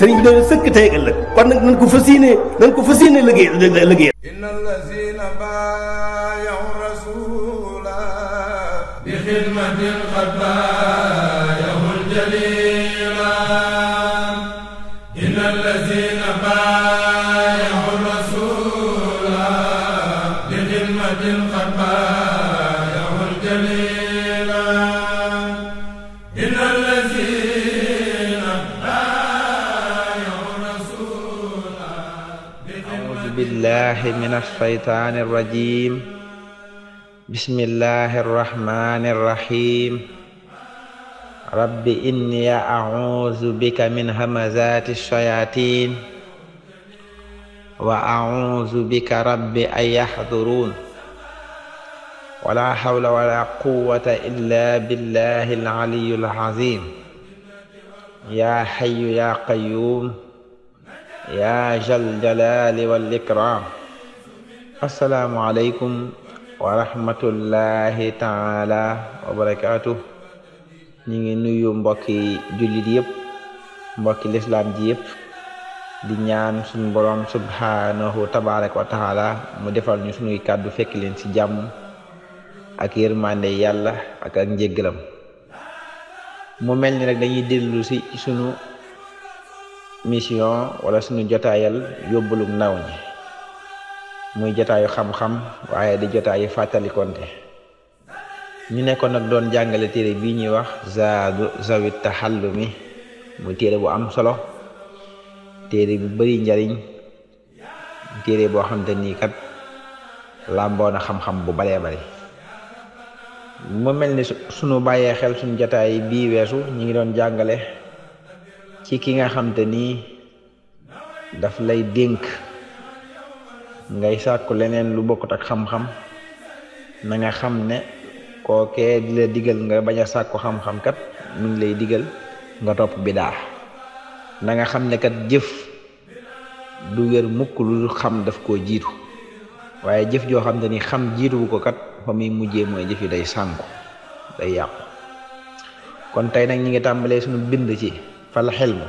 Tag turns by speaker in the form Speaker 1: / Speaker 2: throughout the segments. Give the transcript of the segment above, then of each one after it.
Speaker 1: sëriñ bi dañu sëkk tey ëllëg kon nag nañ ko fas yéene nañ ko fas yéene liggéey liggéey inna allazina baayahu rasula bi xidmatin qad baayahu aljalila inna allazina baayahu rasula bi xidmatin billahi min alshaytaani irrajim bismillahi arrahmani irrahim rabbi inni auzu bika min hamazati shayatin wa auzu bika rabbi an yahdurun wala hawla wala quwwata illa billahi alaliyu alazim ya hayyu ya qayyum ya jal jalali wal ikram asalaamualeykum wa rahmatullahi taala wa barakaatu ñu ngi nuyu mbokki jullit yëpp mbokki lislaam ji yëpp di ñaan suñu borom subhaanahu tabaraka wa mu defal ñu suñuy kàddu fekk leen ci jàmm ak yërmande yàlla ak ak njéggalam mu mel ni rek dañuy dellu si sunu mission wala sunu jotaayal yóbbalum ndaw muy jotaayu xam-xam waaye di jotaayu fàttalikonte ñu nekkoon nag doon jàngale téere bii ñuy wax zaadu xall mi muy téere bu am solo téere bu bari njariñ téere boo xamante nii kat làmboo na xam-xam bu baree bari mu mel ni sunu bàyyee xel suñu jotaay bii weesu ñu ngi doon jàngale ci ki nga xamante nii daf lay dénk ngay sàkku leneen lu bokkut ak xam-xam na nga xam ne kookee di la diggal nga bañ a sàkku xam-xam kat mu ngi lay digal nga topp bidaa na nga xam ne kat jëf du mukk lu xam daf koo jiitu waaye jëf joo xam ne ni xam jiituwu ko kat fa muy mujjee mooy jëf yi day sànku day yàqu kon tey nag ñi ngi tàmbalee suñu bind ci fal xelmu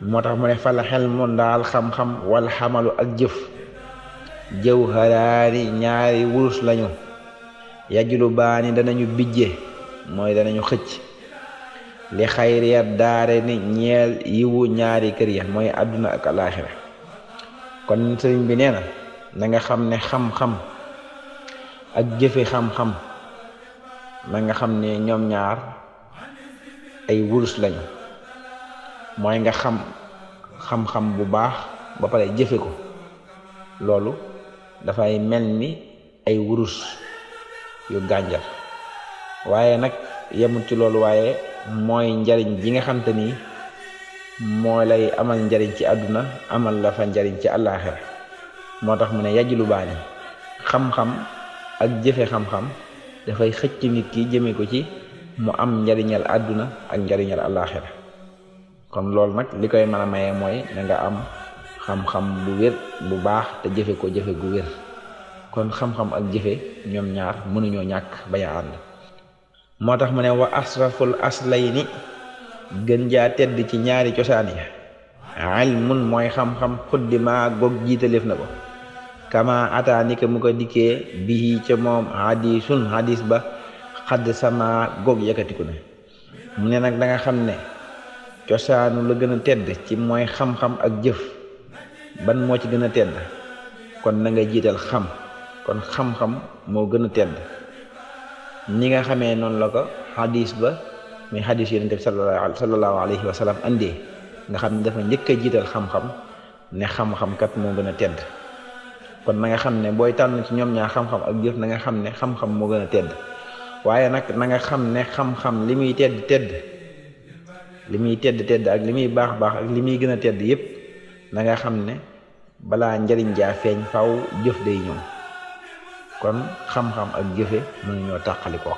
Speaker 1: moo tax mu ne fal xel mun daal xam-xam wal xamalu ak jëf jawharaari ñaari wurus lañu yajulu baani danañu bijje mooy danañu xëcc li xayriya daare ni ñeel yiwu ñaari kër ya mooy àdduna ak alaaxira kon sëriñ bi nee na na xam ne xam-xam ak jëfe xam-xam na nga xam ne ñoom ñaar ay wurus lañu mooy nga xam xam-xam bu baax ba pare jëfe ko loolu dafay mel ni ay wurus yu gànjar waaye nag yemul ci loolu waaye mooy njariñ ji nga xam te nii moo lay amal njariñ ci àdduna amal la fa njariñ ci àllaaxira moo tax mu ne yàjj lu baani xam-xam ak jëfe xam-xam dafay xëcc nit ki jëme ko ci mu am njariñal àdduna ak njariñal àllaaxira kon loolu nag li koy man a maye mooy na nga am xam-xam bu wér bu baax te jëfe ko jëfe gu wér kon xam-xam ak jëfe ñoom ñaar mënuñoo ñàkk bañ a ànd moo tax mu ne wa asraful aslayni gën jaa tedd ci ñaari cosaan yi ilmun mooy xam-xam xuddima goog jiitaleef na ko kama ata ni mu ko dikkee bii ca moom hadisun hadis ba xadd sama goog yëkkatiku ne mu ne nag da xam ne cosaanu la gën a tedd ci mooy xam-xam ak jëf ban moo ci gën a tedd kon na nga jiital xam kon xam-xam moo gën a tedd ni nga xamee noonu la ko xadis ba muy xadis yonent bi sallallahu alayhi wa sallam andee nga xam ne dafa njëkk a jiital xam-xam ne xam-xam kat moo gën a tedd kon na nga xam ne booy tànn ci ñoom ñaar xam-xam ak jëf na nga xam ne xam-xam moo gën a tedd waaye nag na xam ne xam-xam li muy tedd tedd li muy tedd tedd ak li muy baax baax ak li muy gën a tedd yépp na nga xam ne balaa njariñ jaa feeñ faw jëf day ñëw kon xam-xam ak jëfe mënu ñoo tàqali ko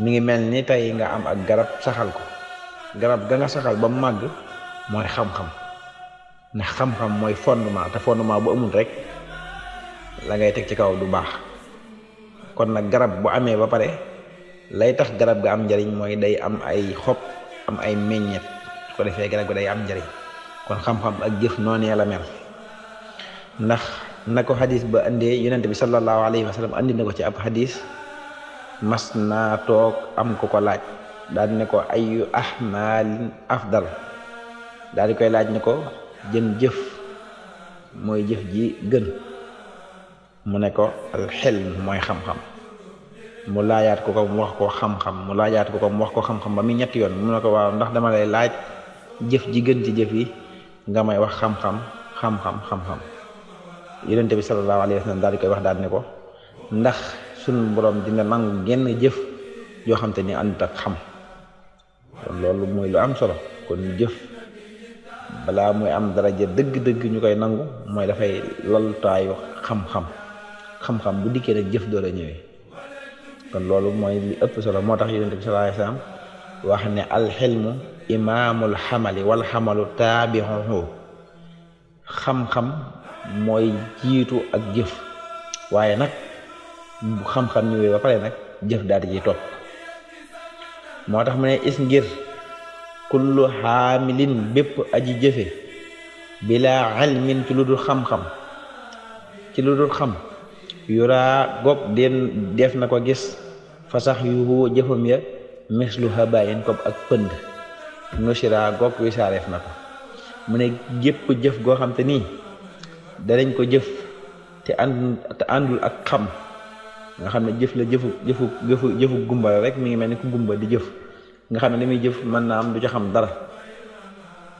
Speaker 1: mi ngi mel ni tey nga am ak garab saxal ko garab ga nga saxal ba mu màgg mooy xam-xam ndax xam-xam mooy fondement te fondement bu amul rek la ngay teg ci kaw du baax kon nag garab bu amee ba pare lay tax garab ga am njariñ mooy day am ay xob am ay meññeet su ko defee garab gi day njariñ kon xam-xam ak jëf noonee la mel ndax na ko xadis ba indee yonent bi sallallahu alayhi wa sallam andi na ko ci ab xadis mas naa toog am ko ko laaj daal di ne ko ayu ahmalin daal di koy laaj ne ko jën jëf mooy jëf ji gën mu ne ko alxilm mooy xam-xam mu laajaat ko ko mu wax ko xam-xam mu laajaat ko ko mu wax ko xam-xam ba muy ñetti yoon mu ne ko waaw ndax dama lay laaj jëf ji ci jëf yi nga may wax xam-xam xam-xam xam-xam yonent bi sallallahu daal di koy wax daal ne ko ndax sunu borom dina nangu genn jëf yoo xam ni ànd xam loolu mooy lu am solo kon jëf balaa muy am daraja dëgg-dëgg ñu koy nangu mooy dafay laltaayu xam-xam xam bu dikkee nag jëf doo la ñëwee kon loolu mooy li ëpp solo moo tax yonent bi sallallahu alayhi wasallam wax ne alxilmu imaamul xamali wal xamalu taabiuhu xam-xam mooy jiitu ak jëf waaye nag xam-xam ñëwee ba pare nag jëf daal di topp moo tax mu ne is ngir kullu xaamilin bépp aji jëfe bila ilmin ci lu dul xam-xam ci lu dul xam yura gopp def na ko gis fa sax yu yuhu jëfam ya mislu habayin ko ak pënd nushira goog wisaareef na ko mu ne gépp jëf goo xam te nii danañ ko jëf te ànd ak xam nga xam ne jëf la jëfu jëfu jëfu gumba la rek mi ngi mel ni ku gumba di jëf nga xam ne li muy jëf mën naa am du ca xam dara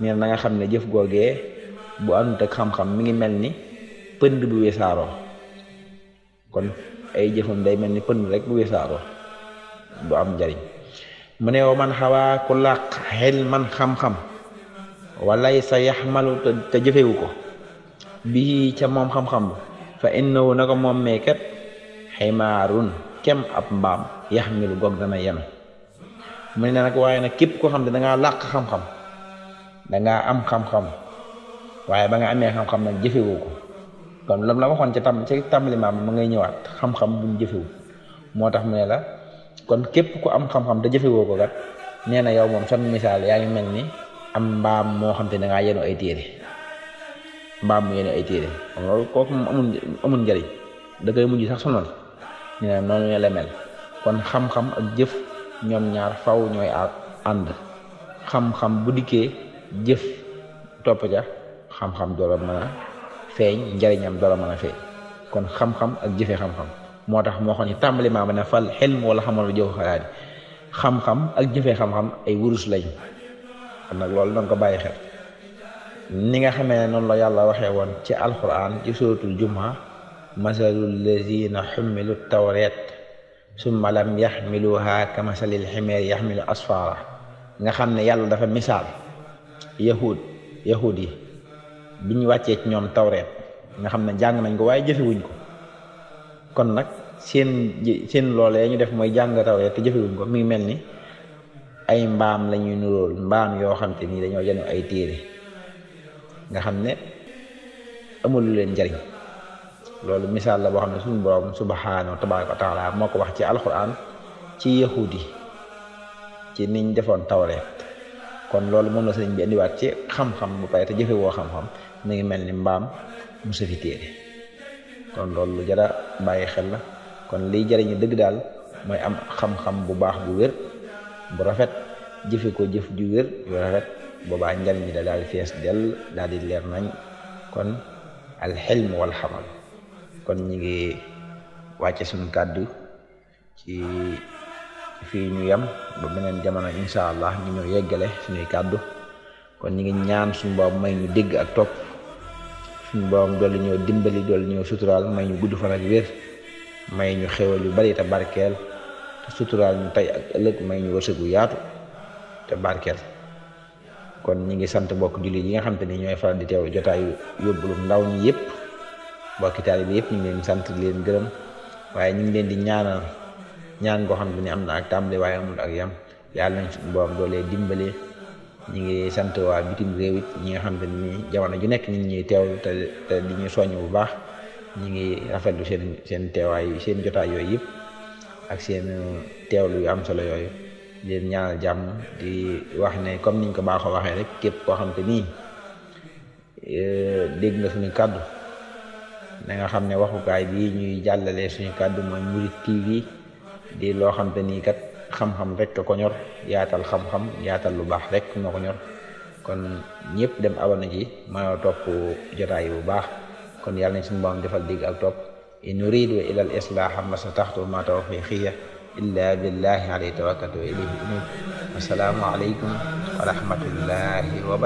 Speaker 1: neen na nga xam ne jëf googee bu àndut ak xam-xam mi ngi mel ni pënd bu wesaaroo kon ay jëfam day mel ni pënd rek bu wesaaroo du am njariñ mu ne wa man xawaa ku làq xel man xam-xam walay sa yaxmalu te jëfewu ko bii ca moom xam-xam ba fa innahu na ko moom mee kat ximaarun kem ab mbaam yaxmilu goog na yenu mu ne nag waaye nag képp koo xam ne dangaa làq xam-xam dangaa am xam-xam waaye ba nga amee xam-xam nag jëfewoo ko kon lam la waxoon ca tam ca tàmbali maam ma ngay ñëwaat xam-xam buñ jëfewu moo tax mu ne la kon képp ku am xam-xam te jëfewoo ko kat nee na yow moom sam misaal yaa ngi mel ni am mbaam moo xam te ne dangaa yenu ay téere mbaam mu yenu ay téere loolu kooku moom amul amul njëriñ mujj sax sonal ñu ne noonu la mel kon xam-xam ak jëf ñoom ñaar faw ñooy ànd xam-xam bu dikkee jëf topp ca xam-xam doo la feeñ njariñam doo la mën a feeñ kon xam-xam ak jëfe xam-xam moo tax moo xam ne tàmbali maa ma ne fal xelm wala xamal ma jëw xalaat xam-xam ak jëfee xam-xam ay wurus lañu xam nag loolu na ko bàyyi xel ni nga xamee ne noonu la yàlla waxee woon ci alquran ci suratul jumaa masalul lazina xummilu tawreet summa lam yaxmiluha kamasalil ximeer yaxmilu asfara nga xam ne yàlla dafa misaal yahud yahud yi bi ñu wàccee ci ñoom tawreet nga xam ne jàng nañ ko waaye jëfewuñ ko kon nag seen lool loolee ñu def mooy jàng rawee te jëfewuñ ko mi ngi mel ni ay mbaam la ñuy nuróol mbaam yoo xam te nii dañoo janu ay téere nga xam ne amul leen njariñ loolu misaal la boo xam ne suñu borom subhaanahu tabaaraka wa taala moo ko wax ci alquran ci yahuud yi ci niñ defoon tawreet kon loolu moom la sëriñ bi indiwaat ci xam-xam bu pare te jëfe woo xam-xam mu ngi mel ni mbaam mu safi téere kon loolu lu jara bàyyi xel la kon liy jariñu dëgg daal mooy am xam-xam bu baax bu wér bu rafet jëfe ko jëf ju wér yu rafet boobaa njariñ ñi da daal di fees dell daal di leer nañ kon alxilm wal xamal kon ñi ngi wàcce suñu kàddu ci fii ñu yem ba beneen jamono insha allah ñu ñëw yeggale suñuy kàddu kon ñi ngi ñaan suñu boobu may ñu dégg ak topp suñu borom dolli ñoo dimbali dolli ñoo suturaal may ñu gudd fan ak wér may ñu xewal yu bari te barkeel te suturaal ñu tey ak ëllëg may ñu wërsëgu yaatu te barkeel kon ñu ngi sant bokk jullit yi nga xam te ni ñooy faral di teew jotaayu yóbbulum ndaw mi yëpp bokki taalibe yëpp ñu ngi leen sant leen gërëm waaye ñu ngi leen di ñaanal ñaan goo xam te ni am na ak tàmbali waaye amul ak yam yàlla nañ suñu borom doolee dimbali ñu ngi sant waa bitim réew it ñi nga xam te ni jamono ju nekk ñu ngi ñuy teewlu te te di ñu soññ bu baax ñu ngi rafetlu seen seen teewaay seen jotaay yooyu yëpp ak seen teewlu yu am solo yooyu di leen ñaanal jàmm di wax ne comme niñ ko baaxoo waxee rek képp koo xam te nii e, dégg nga suñu kàddu da nga xam ne waxukaay bi ñuy jàllale suñu kàddu mooy Mouride TV di loo xam te nii kat. xam-xam rek ko ñor yaatal xam-xam yaatal lu baax rek moo ko kon ñëpp dem abana ji mënoo topp jotaay bu baax kon yàlla nañ suñu boom defal digg ak topp in uridu ila al islaaha ma stataxtu ma tawfiqiya illa billahi alayhi tawakkaltu ilayhi unib wasalaamu aleykum wa rahmatullahi wa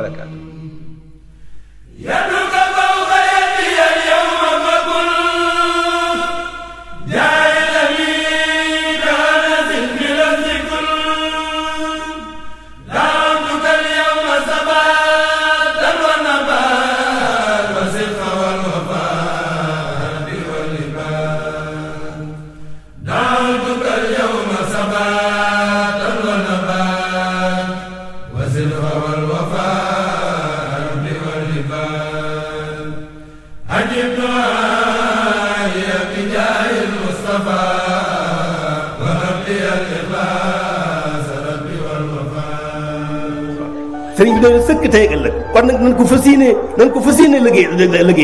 Speaker 1: sëriñ bi dana sëkk tey ak ëllëg kon nag nañ ko fas yéenee nañ ko fas yéenee liggéey liggéey